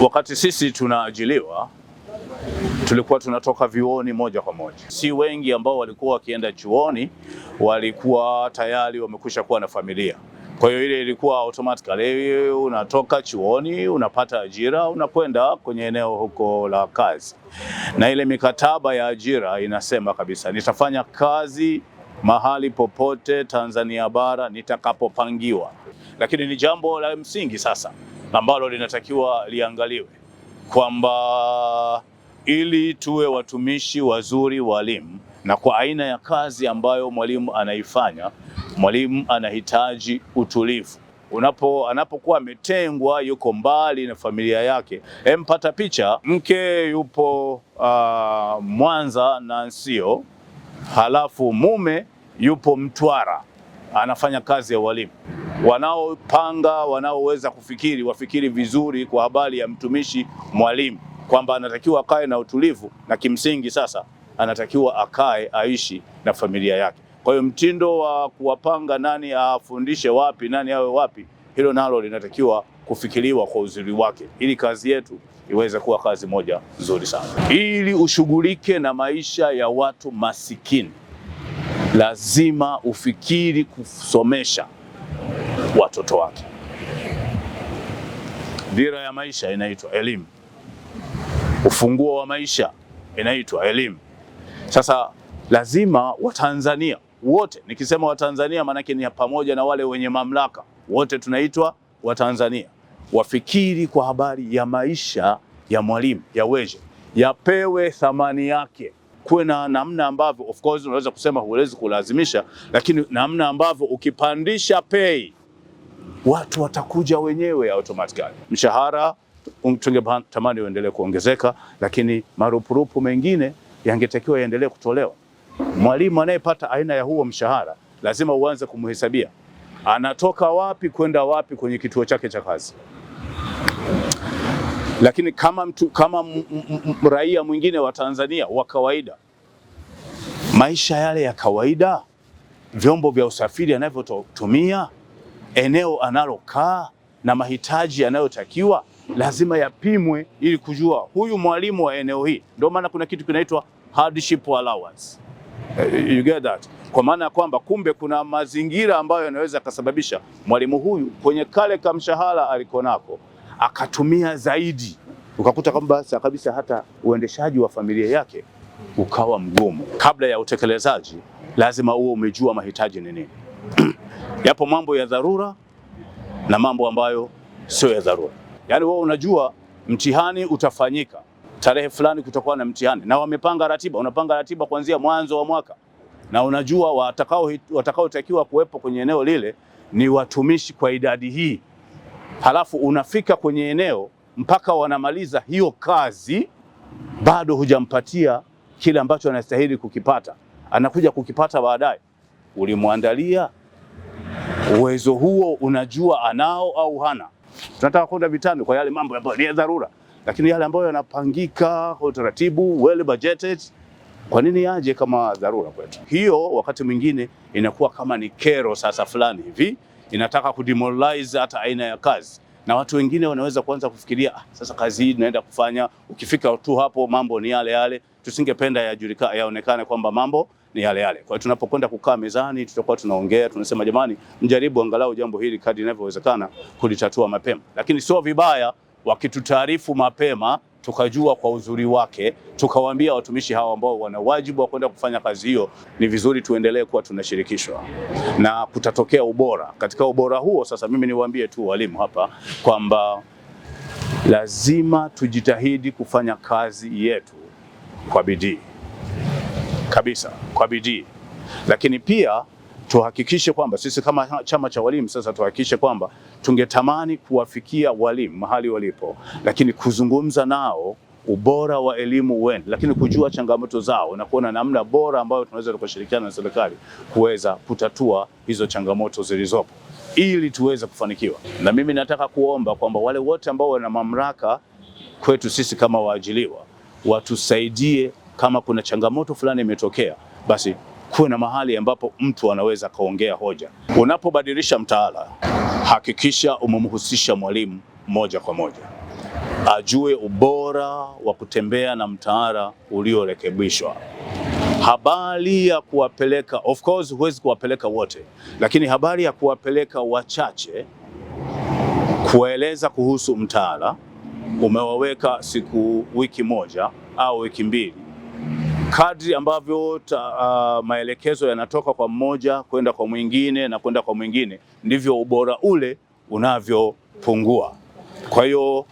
Wakati sisi tunaajiliwa tulikuwa tunatoka vyuoni moja kwa moja. Si wengi ambao walikuwa wakienda chuoni walikuwa tayari wamekusha kuwa na familia, kwa hiyo ile ilikuwa automatically unatoka chuoni unapata ajira unakwenda kwenye eneo huko la kazi, na ile mikataba ya ajira inasema kabisa nitafanya kazi mahali popote Tanzania bara nitakapopangiwa, lakini ni jambo la msingi sasa ambalo linatakiwa liangaliwe kwamba ili tuwe watumishi wazuri walimu, na kwa aina ya kazi ambayo mwalimu anaifanya, mwalimu anahitaji utulivu. Unapo anapokuwa ametengwa, yuko mbali na familia yake. Empata picha, mke yupo uh, Mwanza na Nsio, halafu mume yupo Mtwara anafanya kazi ya walimu wanaopanga, wanaoweza kufikiri wafikiri vizuri kwa habari ya mtumishi mwalimu, kwamba anatakiwa akae na utulivu na kimsingi sasa anatakiwa akae aishi na familia yake. Kwa hiyo mtindo wa kuwapanga nani afundishe wapi, nani awe wapi, hilo nalo linatakiwa kufikiriwa kwa uzuri wake, ili kazi yetu iweze kuwa kazi moja nzuri sana. Ili ushughulike na maisha ya watu masikini, lazima ufikiri kusomesha watoto wake. Dira ya maisha inaitwa elimu, ufunguo wa maisha inaitwa elimu. Sasa lazima Watanzania wote, nikisema Watanzania maanake ni pamoja na wale wenye mamlaka, wote tunaitwa Watanzania, wafikiri kwa habari ya maisha ya Mwalimu Yaweje, yapewe thamani yake kuwe na namna ambavyo of course unaweza kusema huwezi kulazimisha, lakini namna ambavyo ukipandisha pei watu watakuja wenyewe automatically. Mshahara um, tungetamani uendelee kuongezeka, lakini marupurupu mengine yangetakiwa yaendelee kutolewa. Mwalimu anayepata aina ya huo mshahara lazima uanze kumhesabia anatoka wapi kwenda wapi kwenye kituo chake cha kazi. Lakini kama mtu, kama raia mwingine wa Tanzania wa kawaida, maisha yale ya kawaida, vyombo vya usafiri anavyotumia eneo analokaa na mahitaji yanayotakiwa lazima yapimwe ili kujua huyu mwalimu wa eneo hii. Ndio maana kuna kitu kinaitwa hardship allowance. Eh, you get that? Kwa maana ya kwamba kumbe kuna mazingira ambayo yanaweza akasababisha mwalimu huyu kwenye kale kamshahara alikonako akatumia zaidi, ukakuta kwamba sasa kabisa hata uendeshaji wa familia yake ukawa mgumu. Kabla ya utekelezaji, lazima uwe umejua mahitaji ni nini. yapo mambo ya dharura na mambo ambayo sio ya dharura. Yaani wewe unajua mtihani utafanyika tarehe fulani, kutakuwa na mtihani na wamepanga ratiba, unapanga ratiba kuanzia mwanzo wa mwaka na unajua watakao watakaotakiwa kuwepo kwenye eneo lile ni watumishi kwa idadi hii, halafu unafika kwenye eneo mpaka wanamaliza hiyo kazi, bado hujampatia kile ambacho anastahili kukipata, anakuja kukipata baadaye. Ulimwandalia uwezo huo? Unajua anao au hana? Tunataka kwenda vitani kwa yale mambo ambayo ni ya dharura, lakini yale ambayo yanapangika kwa utaratibu, well budgeted, kwa nini yaje kama dharura kwetu? Hiyo wakati mwingine inakuwa kama ni kero sasa fulani hivi, inataka kudemoralize hata aina ya kazi na watu wengine wanaweza kuanza kufikiria ah, sasa kazi hii tunaenda kufanya, ukifika tu hapo mambo ni yale yale. Tusingependa yajulikane, yaonekane kwamba mambo ni yale yale. Kwa hiyo tunapokwenda kukaa mezani, tutakuwa tunaongea, tunasema jamani, mjaribu angalau jambo hili kadri inavyowezekana kulitatua mapema, lakini sio vibaya wakitutaarifu mapema tukajua kwa uzuri wake, tukawaambia watumishi hawa ambao wana wajibu wa kwenda kufanya kazi hiyo, ni vizuri tuendelee kuwa tunashirikishwa na kutatokea ubora. Katika ubora huo sasa, mimi niwaambie tu walimu hapa kwamba lazima tujitahidi kufanya kazi yetu kwa bidii kabisa kwa bidii, lakini pia tuhakikishe kwamba sisi kama chama cha walimu sasa tuhakikishe kwamba tungetamani kuwafikia walimu mahali walipo, lakini kuzungumza nao ubora wa elimu wenu, lakini kujua changamoto zao na kuona namna bora ambayo tunaweza tukashirikiana na serikali kuweza kutatua hizo changamoto zilizopo ili tuweze kufanikiwa. Na mimi nataka kuomba kwamba wale wote ambao wana mamlaka kwetu sisi kama waajiliwa watusaidie kama kuna changamoto fulani imetokea, basi kuwe na mahali ambapo mtu anaweza kaongea hoja. Unapobadilisha mtaala, hakikisha umemhusisha mwalimu moja kwa moja, ajue ubora wa kutembea na mtaala uliorekebishwa. Habari ya kuwapeleka, of course huwezi kuwapeleka wote, lakini habari ya kuwapeleka wachache kuwaeleza kuhusu mtaala, umewaweka siku wiki moja au wiki mbili kadri ambavyo ta, uh, maelekezo yanatoka kwa mmoja kwenda kwa mwingine na kwenda kwa mwingine ndivyo ubora ule unavyopungua. Kwa hiyo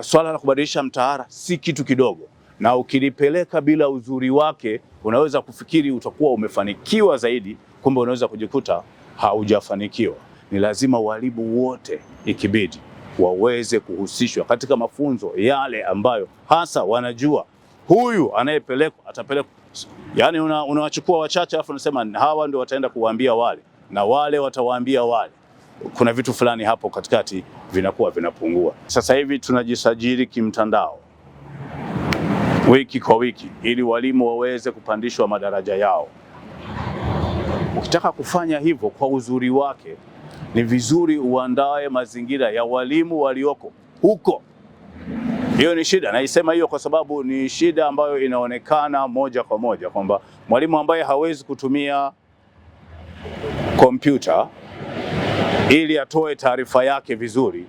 swala la kubadilisha mtaala si kitu kidogo, na ukilipeleka bila uzuri wake unaweza kufikiri utakuwa umefanikiwa zaidi, kumbe unaweza kujikuta haujafanikiwa. Ni lazima walimu wote ikibidi waweze kuhusishwa katika mafunzo yale ambayo hasa wanajua huyu anayepelekwa atapelekwa. yani unawachukua una wachache alafu unasema hawa ndio wataenda kuwaambia wale na wale watawaambia wale. Kuna vitu fulani hapo katikati vinakuwa vinapungua. Sasa hivi tunajisajili kimtandao wiki kwa wiki ili walimu waweze kupandishwa madaraja yao. Ukitaka kufanya hivyo kwa uzuri wake, ni vizuri uandae mazingira ya walimu walioko huko hiyo ni shida, naisema hiyo kwa sababu ni shida ambayo inaonekana moja kwa moja kwamba mwalimu ambaye hawezi kutumia kompyuta ili atoe taarifa yake vizuri,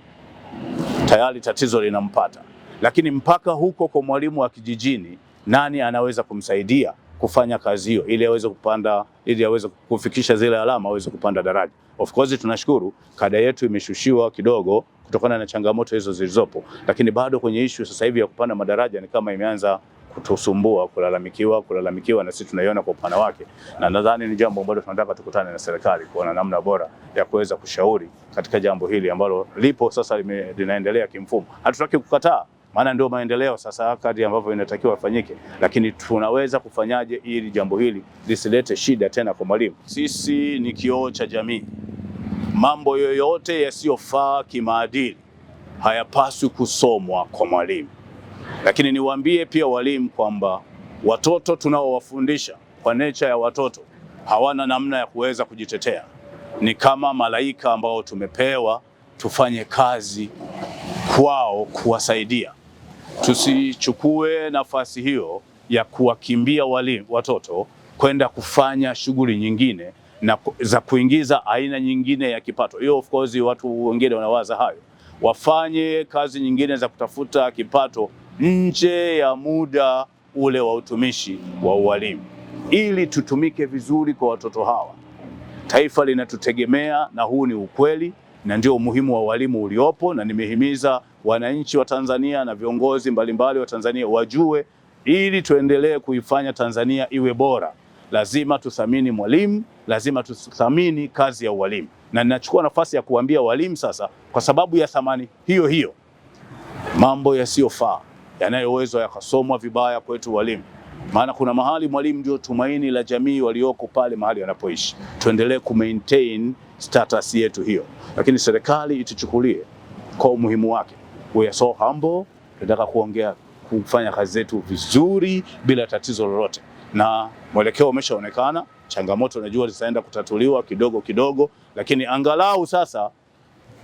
tayari tatizo linampata. Lakini mpaka huko kwa mwalimu wa kijijini, nani anaweza kumsaidia kufanya kazi hiyo ili aweze kupanda, ili aweze kufikisha zile alama, aweze kupanda daraja. Of course tunashukuru kada yetu imeshushiwa kidogo kutokana na changamoto hizo zilizopo, lakini bado kwenye ishu sasa hivi ya kupanda madaraja ni kama imeanza kutusumbua kulalamikiwa, kulalamikiwa na sisi tunaiona kwa upana wake, na nadhani ni jambo ambalo tunataka tukutane na serikali kuona namna bora ya kuweza kushauri katika jambo hili ambalo lipo sasa linaendelea kimfumo. Hatutaki kukataa, maana ndio maendeleo sasa kadri ambavyo inatakiwa afanyike, lakini tunaweza kufanyaje ili jambo hili lisilete shida tena kwa mwalimu. Sisi ni kioo cha jamii. Mambo yoyote yasiyofaa kimaadili hayapaswi kusomwa kwa mwalimu. Lakini niwaambie pia walimu kwamba watoto tunaowafundisha kwa necha ya watoto hawana namna ya kuweza kujitetea. Ni kama malaika ambao tumepewa tufanye kazi kwao kuwasaidia. Tusichukue nafasi hiyo ya kuwakimbia walimu, watoto kwenda kufanya shughuli nyingine na za kuingiza aina nyingine ya kipato. Hiyo of course watu wengine wanawaza hayo, wafanye kazi nyingine za kutafuta kipato nje ya muda ule wa utumishi wa ualimu, ili tutumike vizuri kwa watoto hawa. Taifa linatutegemea na huu ni ukweli, na ndio umuhimu wa walimu uliopo, na nimehimiza wananchi wa Tanzania na viongozi mbalimbali wa Tanzania wajue, ili tuendelee kuifanya Tanzania iwe bora, lazima tuthamini mwalimu lazima tuthamini kazi ya ualimu, na ninachukua nafasi ya kuambia walimu sasa, kwa sababu ya thamani hiyo hiyo, mambo yasiyofaa yanayoweza yakasomwa vibaya kwetu walimu, maana kuna mahali mwalimu ndio tumaini la jamii walioko pale mahali wanapoishi. Tuendelee maintain status yetu hiyo, lakini serikali ituchukulie kwa umuhimu wake. We are so humble, tunataka kuongea kufanya kazi zetu vizuri bila tatizo lolote, na mwelekeo umeshaonekana changamoto najua zitaenda kutatuliwa kidogo kidogo, lakini angalau sasa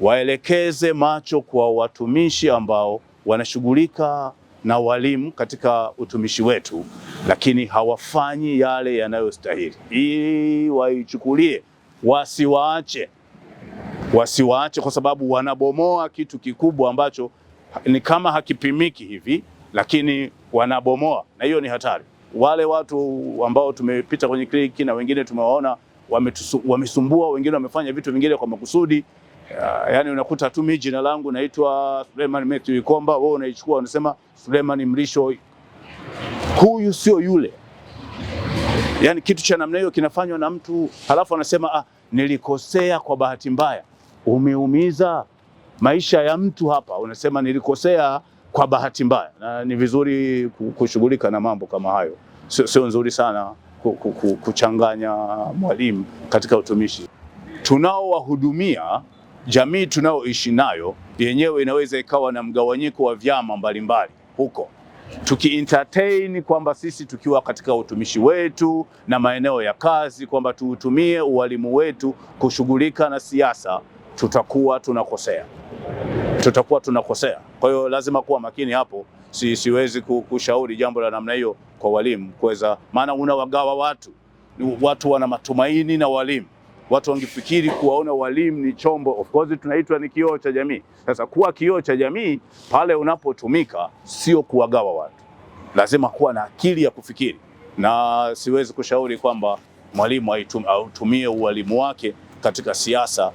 waelekeze macho kwa watumishi ambao wanashughulika na walimu katika utumishi wetu, lakini hawafanyi yale yanayostahili, ili waichukulie, wasiwaache, wasiwaache kwa sababu wanabomoa kitu kikubwa ambacho ni kama hakipimiki hivi, lakini wanabomoa, na hiyo ni hatari wale watu ambao tumepita kwenye kliniki na wengine tumewaona wamesumbua, wengine wamefanya vitu vingine kwa makusudi. Uh, yani unakuta tu mimi jina langu naitwa Suleiman Mathew Ikomba, wewe unaichukua unasema Suleiman Mrisho, huyu sio yule. Yani kitu cha namna hiyo kinafanywa na mtu halafu anasema ah, nilikosea kwa bahati mbaya. Umeumiza maisha ya mtu hapa, unasema nilikosea kwa bahati mbaya, na ni vizuri kushughulika na mambo kama hayo. Sio, sio nzuri sana kuchanganya mwalimu katika utumishi. Tunaowahudumia, jamii tunayoishi nayo yenyewe inaweza ikawa na mgawanyiko wa vyama mbalimbali huko entertain kwamba sisi tukiwa katika utumishi wetu na maeneo ya kazi kwamba tuutumie ualimu wetu kushughulika na siasa, tutakuwa tunakosea tutakuwa tunakosea. Kwa hiyo lazima kuwa makini hapo. Si, siwezi kushauri jambo la namna hiyo kwa walimu kuweza, maana unawagawa watu. Watu wana matumaini na walimu, watu wangefikiri kuwaona walimu ni chombo. Of course tunaitwa ni kioo cha jamii. Sasa kuwa kioo cha jamii pale unapotumika sio kuwagawa watu, lazima kuwa na akili ya kufikiri, na siwezi kushauri kwamba mwalimu autumie ualimu wake katika siasa